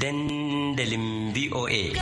Dandalin VOA.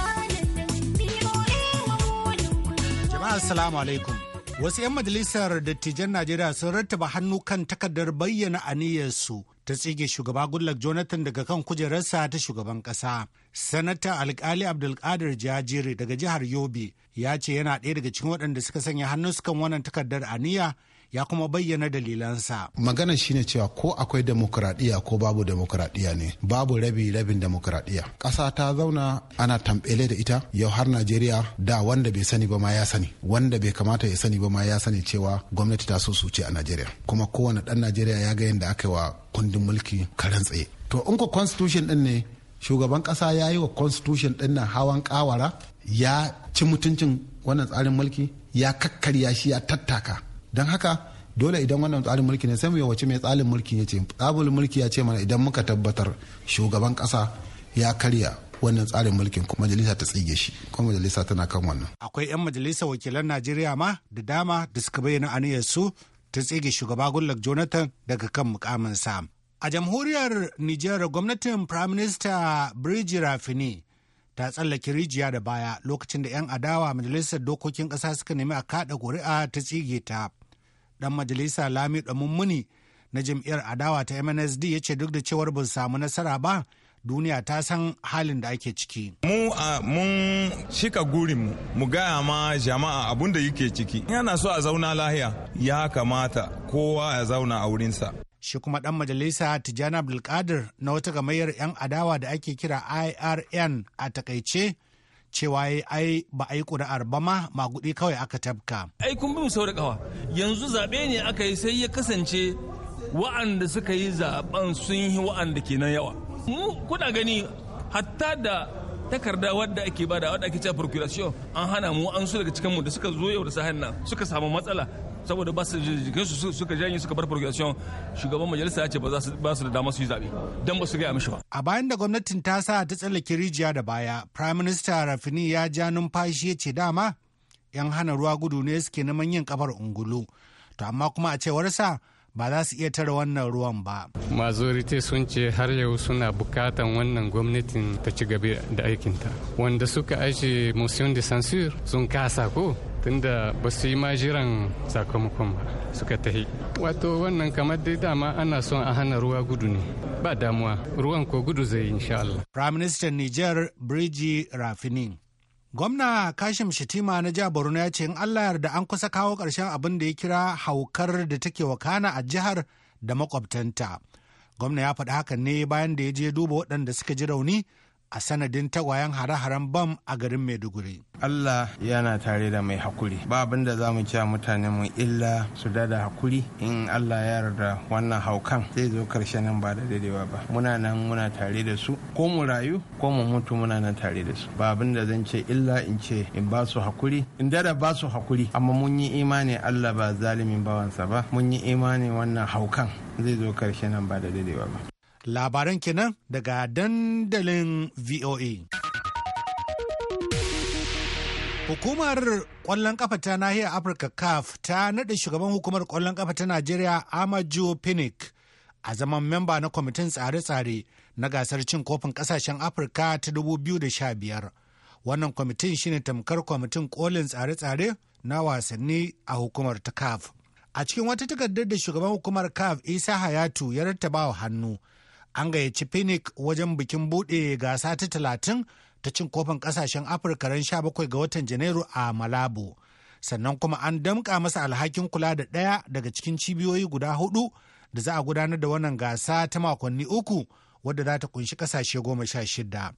Jama'a Assalamu alaikum. Wasu 'yan majalisar dattijan Najeriya sun rattaba hannu kan takardar bayyana aniyarsu ta tsige shugaba gullak Jonathan daga kan kujerarsa ta shugaban ƙasa. Sanata Alkali Abdulkadir Jajiri daga jihar Yobe ya ce yana ɗaya daga cikin waɗanda suka sanya hannu kan wannan takardar aniya ya kuma bayyana dalilansa. Magana shine cewa ko akwai demokuraɗiyya ko babu demokuraɗiyya ne babu rabi rabin demokuraɗiyya. Ƙasa ta zauna ana tambele da ita yau har Najeriya da wanda bai sani ba ma ya sani wanda bai kamata ya sani ba ma ya sani cewa gwamnati ta so su a Najeriya kuma kowane ɗan Najeriya ya ga yadda aka yi wa kundin mulki karen tsaye. To in ko constitution ɗin ne shugaban ƙasa ya yi wa constitution din nan hawan kawara ya ci mutuncin wannan tsarin mulki ya kakkarya shi ya tattaka don haka dole idan wannan tsarin mulki ne sai mu yawace mai tsarin mulki ya ce tsarin mulki ya ce mana idan muka tabbatar shugaban kasa ya karya wannan tsarin mulkin kuma majalisa ta tsige shi kuma majalisa tana kan wannan akwai yan majalisa wakilan najeriya ma da dama da suka bayyana aniyar su ta tsige shugaba gullak jonathan daga kan mukamin sa a jamhuriyar nijar gwamnatin prime minister bridge rafini ta tsallake rijiya da baya lokacin da 'yan adawa majalisar dokokin kasa suka nemi a kaɗa ƙuri'a ta tsige ta dan majalisa lami mummuni na jam'iyyar adawa ta mnsd ya ce duk da cewar bin samu nasara ba duniya ta san halin da ake ciki. Mu a mun shika gurin mu gaya ma jama'a abun da yake ciki. Yana so a zauna lahiya ya kamata kowa ya zauna a wurinsa. Shi kuma ɗan majalisa Tijjani Abdulkadir na wata gamayyar 'yan adawa da ake kira IRN a takaice cewa ai ba a yi ƙuri'ar ba ma magudi kawai aka tafka. Ai kun bi sau da kawa yanzu zaɓe ne aka yi sai ya kasance wa'anda suka yi zaɓen sun yi wa'anda ke nan yawa. Mu kuna gani hatta da takarda wadda ake bada wadda ake cewa procuration an hana mu an su daga cikin mu da suka zo yau da sahan nan suka samu matsala saboda ba su jikin su suka janye suka bar progression shugaban majalisa ya ce ba za su da dama su yi zabe dan ba su ga mishi ba a bayan da gwamnatin ta sa ta tsallake rijiya da baya prime minister Rafini ya ja numfashi ya ce dama yan hana ruwa gudu ne suke neman yin kafar ungulu to amma kuma a cewarsa ba za su iya tara wannan ruwan ba. Mazorite sun ce har yau suna bukatan wannan gwamnatin ta ci gaba da aikinta. Wanda suka aje motion de censure sun kasa ko tunda ba su yi ma jiran sakamakon ba suka tahi wato wannan kamar dai dama ana son a hana ruwa gudu ne ba damuwa ruwan ko gudu zai insha Allah. Prime Minister Niger Brigi Rafini. Gwamna Kashim Shitima na jihar Borno ya ce in Allah yarda an kusa kawo karshen abin da ya kira haukar da take wakana a jihar da makwabtanta. Gwamna ya faɗi hakan ne bayan da ya je duba waɗanda suka ji rauni a sanadin tagwayen hare-haren bam a garin Maiduguri. Allah yana tare da mai hakuri. Ba abin da za mu kya mutane mu illa su dada hakuri in Allah ya yarda wannan haukan zai zo karshen nan ba da daidaiwa ba. Muna nan muna tare da su ko mu rayu ko mu mutu muna nan tare da su. Ba abin da zan ce illa in ce in ba su hakuri in dada ba su hakuri amma mun yi imani Allah ba zalimin bawansa ba mun yi imani wannan haukan zai zo karshen nan ba da daidaiwa ba. Labaran kenan daga dandalin VOA. Hukumar ƙwallon ƙafa ta nahiyar Afirka CAF ta naɗe shugaban hukumar ƙwallon ƙafa ta Najeriya Amaju Pinnick a zaman memba na kwamitin tsare-tsare na gasar cin kofin ƙasashen Afirka ta 2015. Wannan kwamitin shine tamkar kwamitin ƙolin tsare-tsare na wasanni a hukumar ta CAF. A cikin wata takardar da shugaban hukumar CAF Isa Hayatu ya rattaba hannu, an gayyaci phoenix wajen bikin buɗe gasa ta talatin ta cin kofin kasashen afirka ran 17 ga watan janairu a malabo sannan kuma an damka masa alhakin kula da ɗaya daga cikin cibiyoyi guda hudu da za a gudanar da wannan gasa ta makonni uku wadda za ta kunshi ƙasashe goma sha shida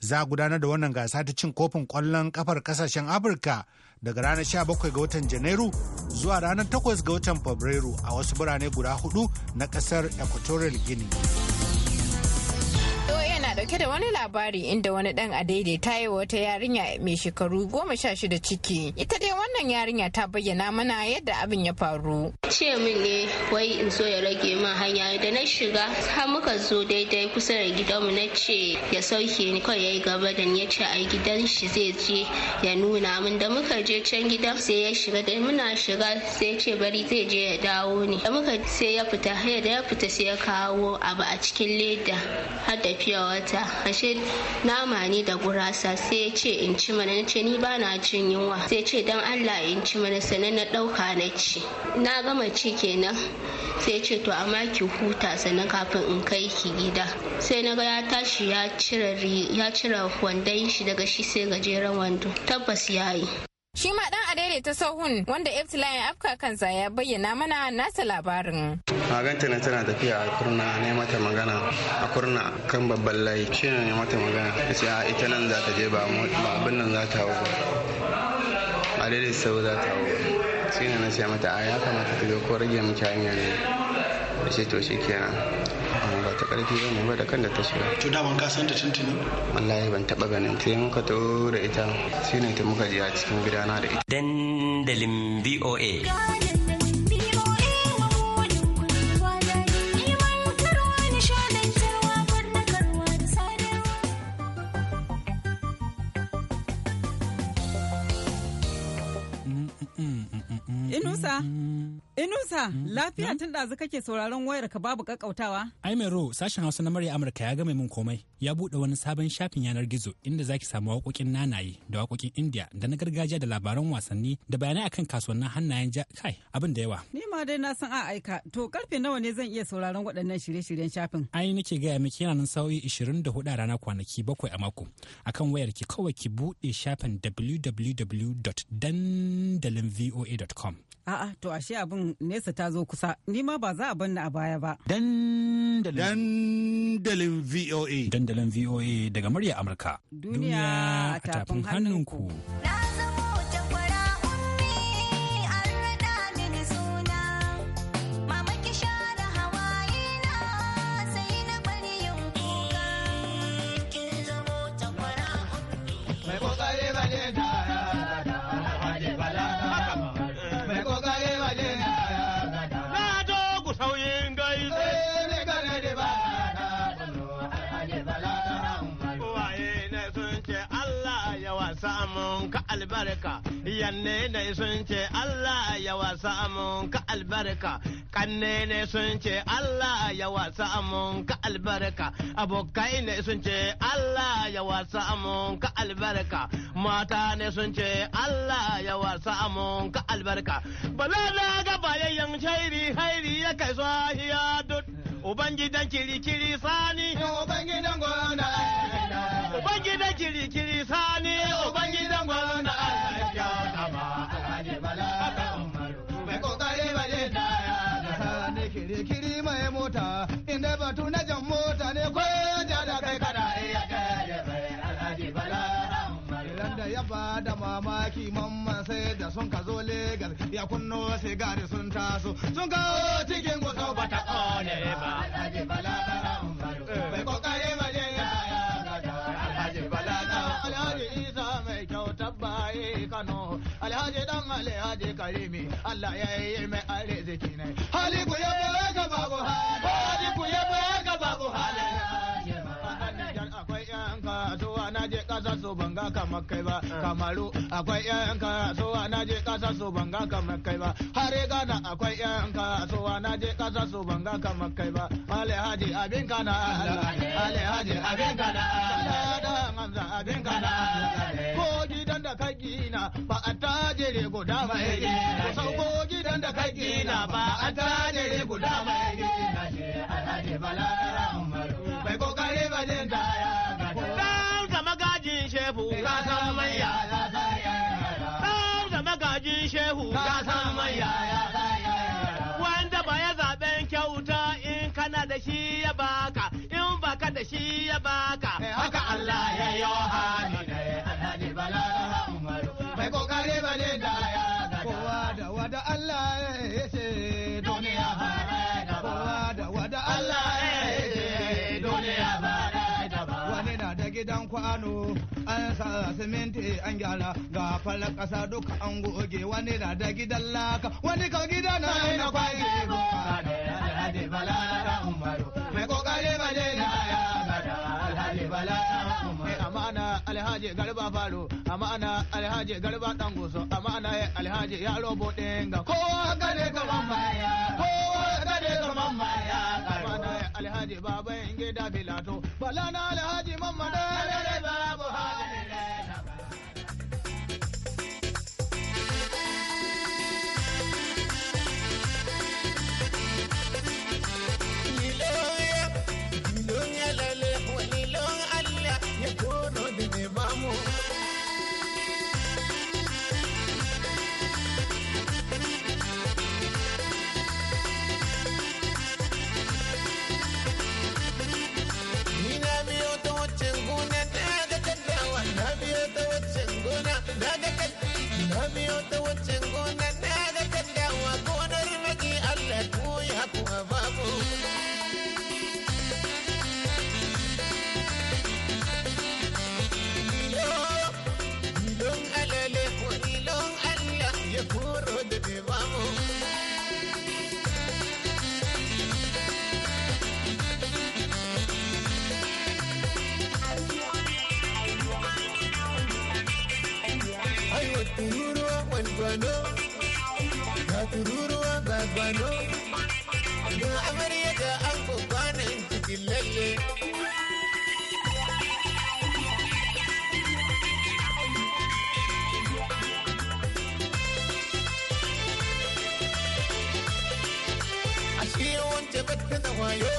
za a gudanar da wannan gasa ta cin kofin kwallon kafar kasashen afirka daga ranar 17 ga watan janairu zuwa ranar takwas ga watan fabrairu a wasu birane guda hudu na ƙasar equatorial guinea dauke da wani labari inda wani dan a daidaita yi wata yarinya mai shekaru goma sha shida ciki ita dai wannan yarinya ta bayyana mana yadda abin ya faru ce min ne wai in so ya rage min hanya da na shiga har muka zo daidai kusa da gidanmu na ce ya sauke ni kawai yayi gaba da ni ya ce a gidan shi zai je ya nuna min da muka je can gidan sai ya shiga da muna shiga sai ya ce bari zai je ya dawo ni da muka sai ya fita ya da ya fita sai ya kawo abu a cikin leda har da fiya wata ashe nama ne da gurasa sai ya ce in ci mana na ce ni ba na jin yunwa sai ce dan allah in ci mana sannan na ɗauka na ci na gama ci kenan sai ce to amma ki huta sannan kafin in kai ki gida sai na ga ya tashi ya cire wandon shi daga shi sai gajeren wando tabbas ya yi Shi ma ɗan a ta sahun wanda Eftilayan afka kansa ya bayyana mana nasa labarin. Maganta na tana tafiya a kurna ne mata magana a kurna kan babban layi shi ne mata magana ya ce a ita nan za ta je ba abin nan za ta hau ba a sau za ta hau shi ne na ce mata a ya kamata ta ko rage miki hanya ne da to shi kenan ba ta karfi ba mai da kan da ta shiga to daman ka san ta tuntuni wallahi ban taba ganin ta muka to da ita shine ta muka je a cikin gidana da ita dandalin VOA lafiya tun ɗazu kake sauraron wayar ka babu kakkautawa? Ai mai ro sashen Hausa na murya Amurka ya gama min komai. Ya buɗe wani sabon shafin yanar gizo inda zaki samu waƙoƙin nanaye da waƙoƙin indiya da na gargajiya da labaran wasanni da bayanai akan kasuwannin hannayen ja kai abin da yawa. Ni ma dai na san a aika to karfe nawa ne zan iya sauraron waɗannan shirye-shiryen shafin? Ai nake gaya miki yana nan sa'o'i hudu a rana kwanaki bakwai a mako. Akan wayar ki kawai ki buɗe shafin www.dandalinvoa.com. A'a to ashe abin nesa ta zo kusa. Hausa. Ni ma ba za a banna a baya ba. Dandalin VOA. Dandalin VOA daga murya Amurka. Duniya a tafin hannunku. Na albarka yanne ne sun ce Allah ya wasa mun ka albarka kanne ne sun ce Allah ya wasa mun ka albarka abokai ne sun ce Allah ya wasa mun ka albarka mata ne sun ce Allah ya wasa mun ka albarka bala na ga bayayyan shairi hairi ya kai sahiya duk ubangidan kirikiri sani ubangidan gona ubangidan kirikiri sani ubangidan gona batu na jan mota ne ko ja da kai ya iya alhaji bala da ya bada mamaki mamman sai da sun ka zo Legas ya kunno sigari sun taso sun kawo cikin gusa ba ta ba. Alhaji bala bai kokare je ya Alhaji bala Alhaji Isa mai kyau tabbaye Kano Alhaji dan Alhaji Karimi Allah ya yi mai arziki ne. Haliku ya bala ga kamar kai ba mm. kamaru akwai yan so na je kasa su ban ga kamar kai ba hare gana akwai yan so na je kasa su ban ga kamar kai ba alhaji abin kana Allah alhaji abin kana Allah dan abin kana Allah ko gidan da ka gina ba a tajere guda ba ya sauko gidan da ka gina ba a tajere guda ba ya gina shi alhaji bala umaru bai kokare ba jin shehu ka san mai yaya wanda ba ya zaben kyauta in kana da shi ya baka in baka da shi ya baka eh, haka Allah ya yi hali da ya bala umaru bai kokare ba ne da ya kowa da wada Allah ya ce duniya ba da kowa da wada Allah ya ce duniya ba da wani na da gidan kwano an sa siminti an gyara ga fara kasa duka an goge wani na da gidan laka wani ka gida na yi na kwaye goma da alhaji bala umaru mai kokari ba dai ya alhaji bala amana alhaji garba faro amana alhaji garba dangoso amana alhaji ya robo kowa gane kowa gane alhaji baba in gida bala na alhaji wayo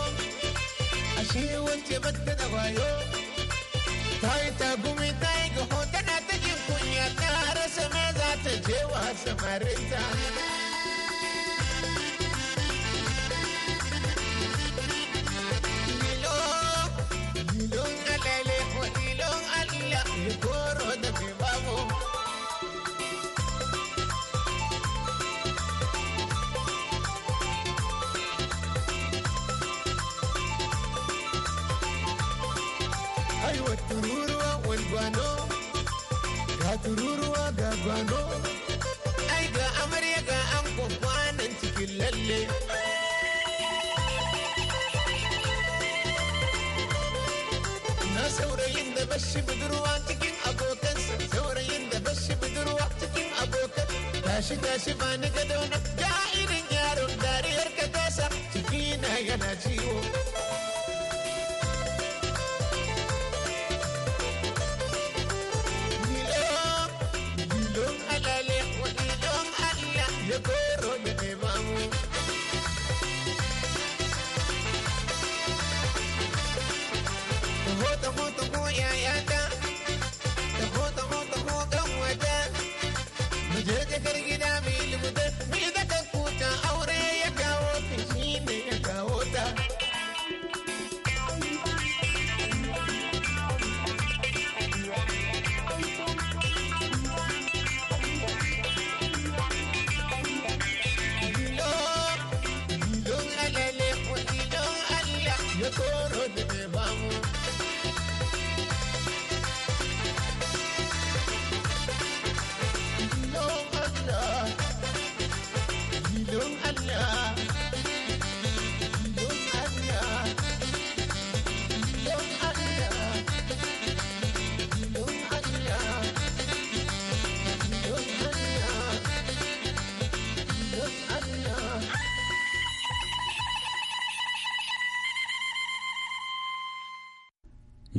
ashe wance batta da wayo ta yi tagumi ta yi gaho tana ta jin kunya ta rasa me za ta je wa samarinta bashi budurwa cikin abokan saurayin da bashi budurwa cikin abokan tashi tashi ba ni gadona ga irin yaron dariyar ka tasa ciki na yana ciwo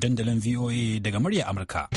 dandalin VOA daga murya Amurka.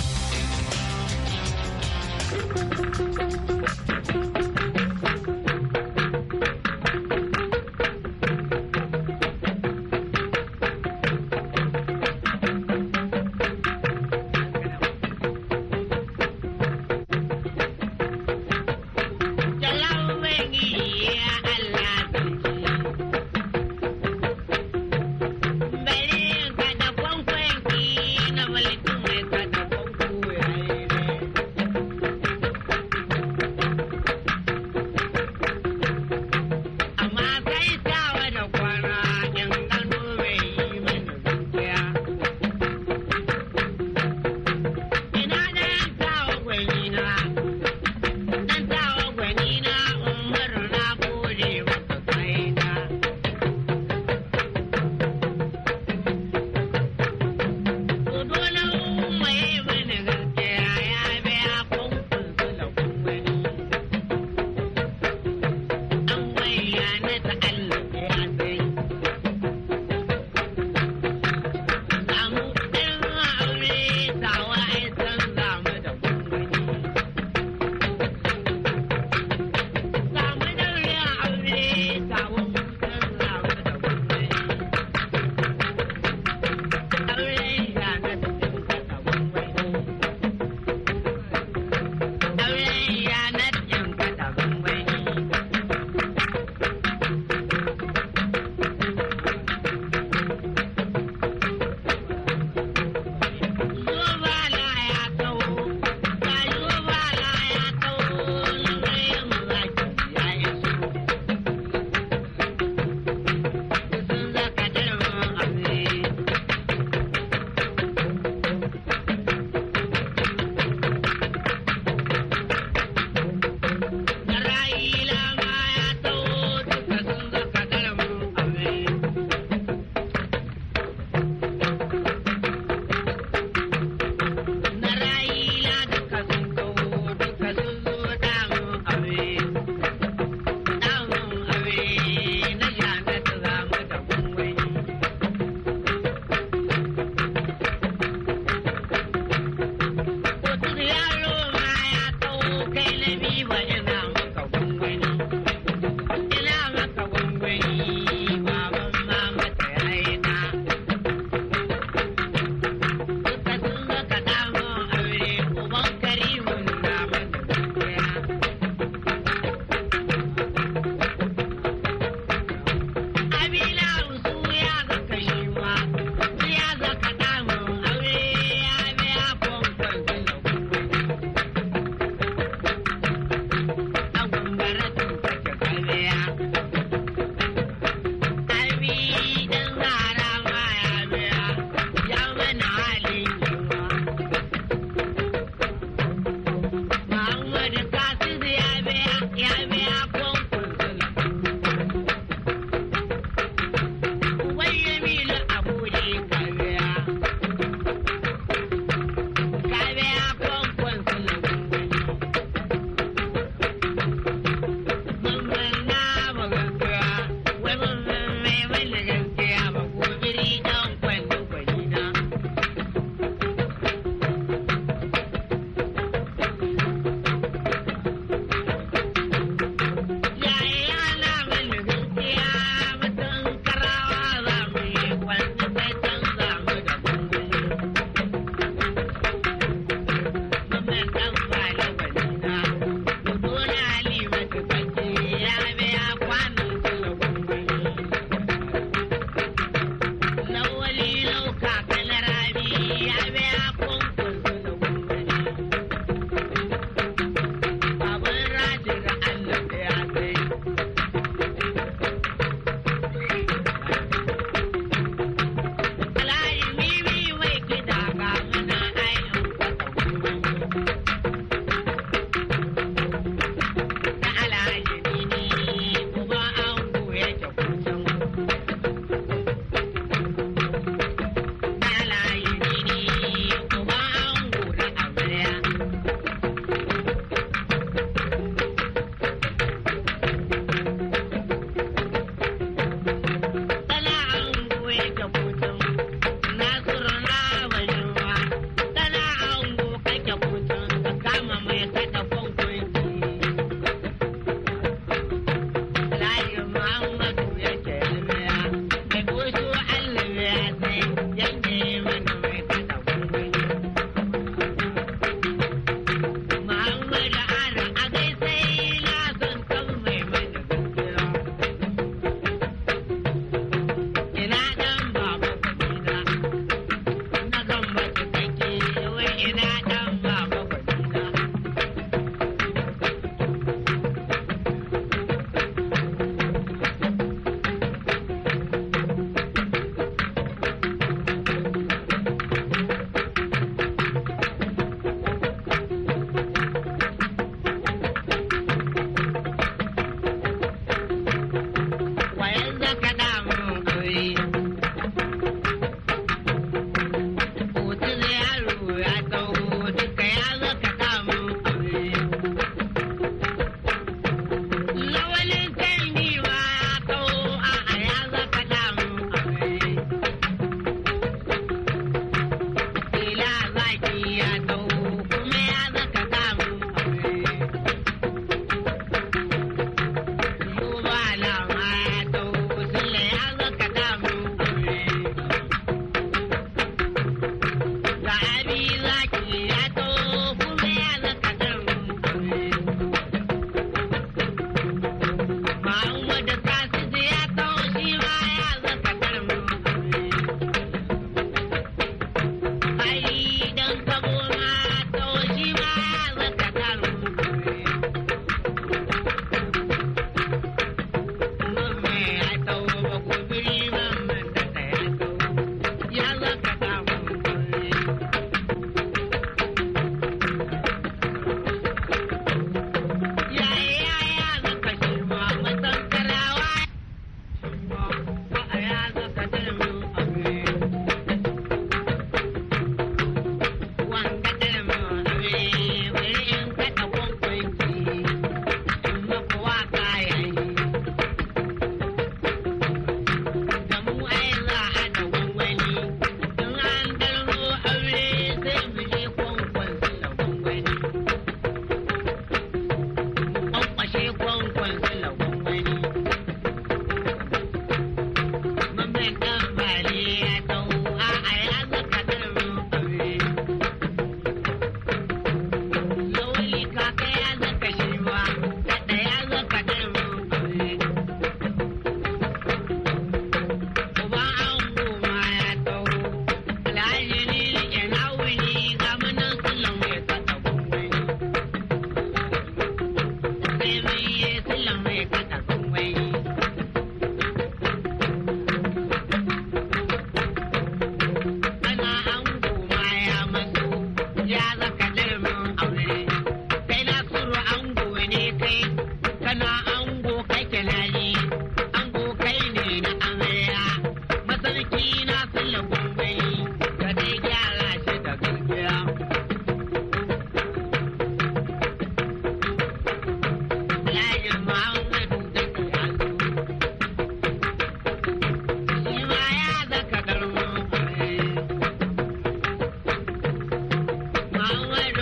Our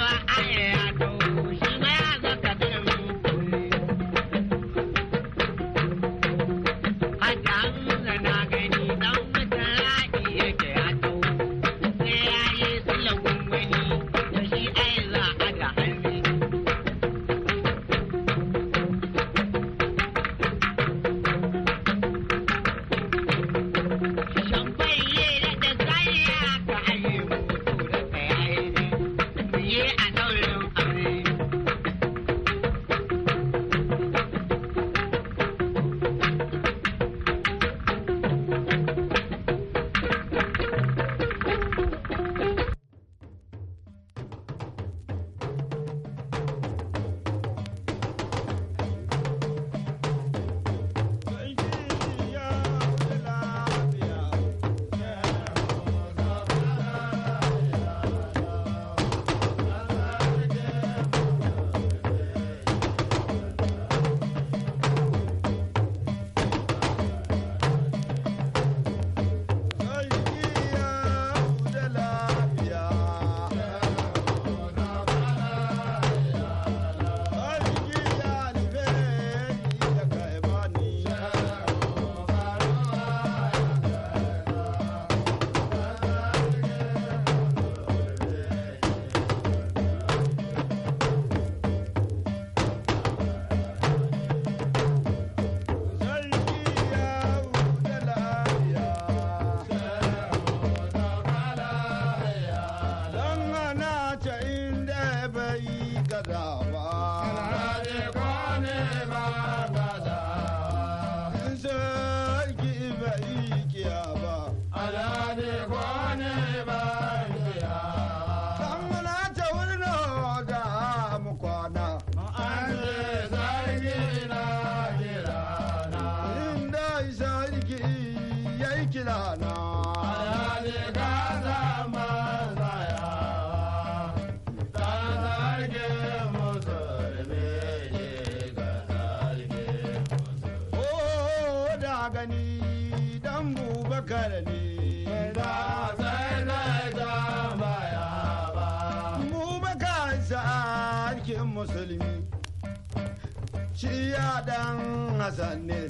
shi dan Hassan ne.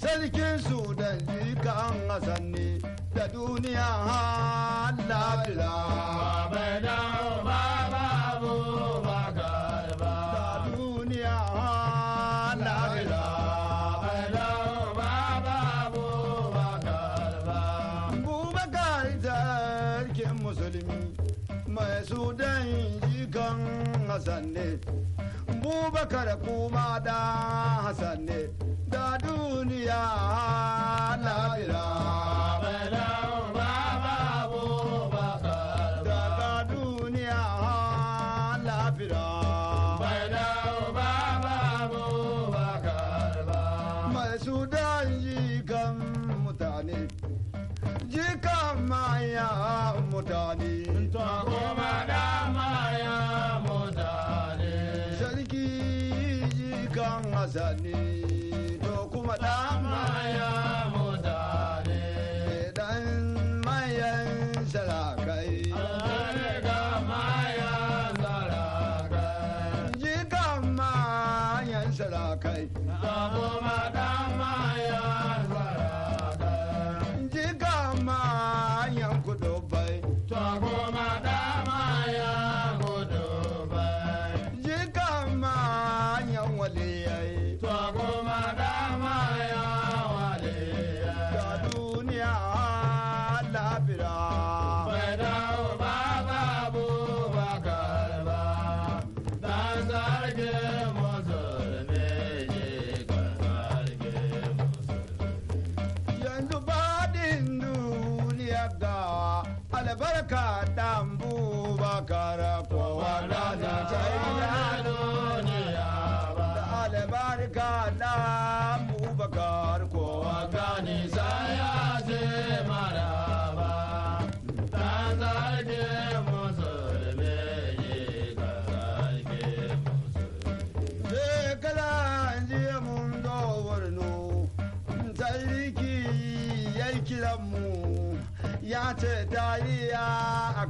Sarkin Sudan jikan Hassan da duniya har labira. musulmi mai sudan jikan Hassan abubakar kuma da hassan ne da duniya labira.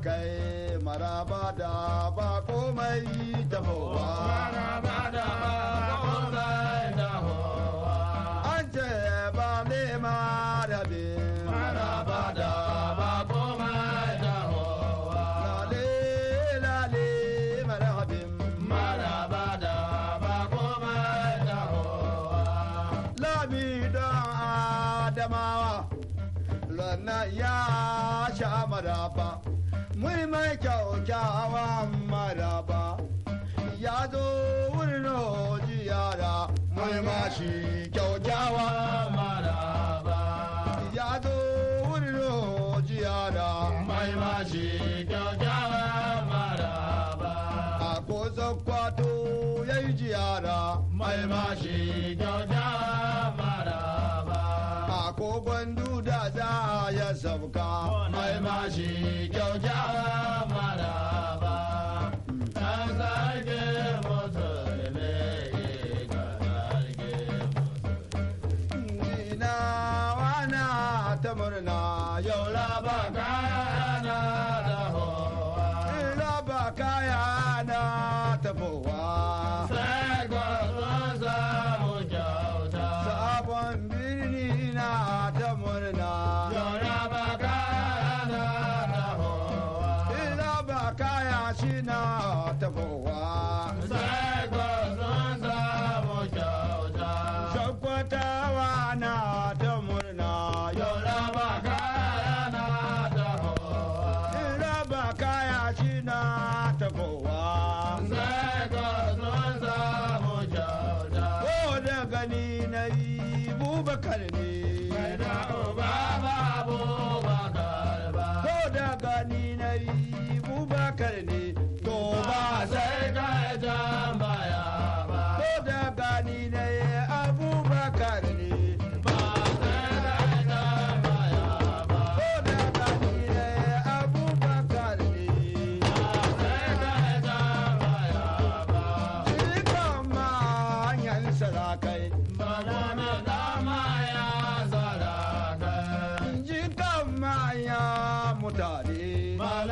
kai yi maraba da ba komai tafowa. mai kyaukyawan maraba ya zo wurin jiyara mai mashi ya zo wurin maraba a ya yi jiyara ya sauka mai Maji, shi kyaukyawa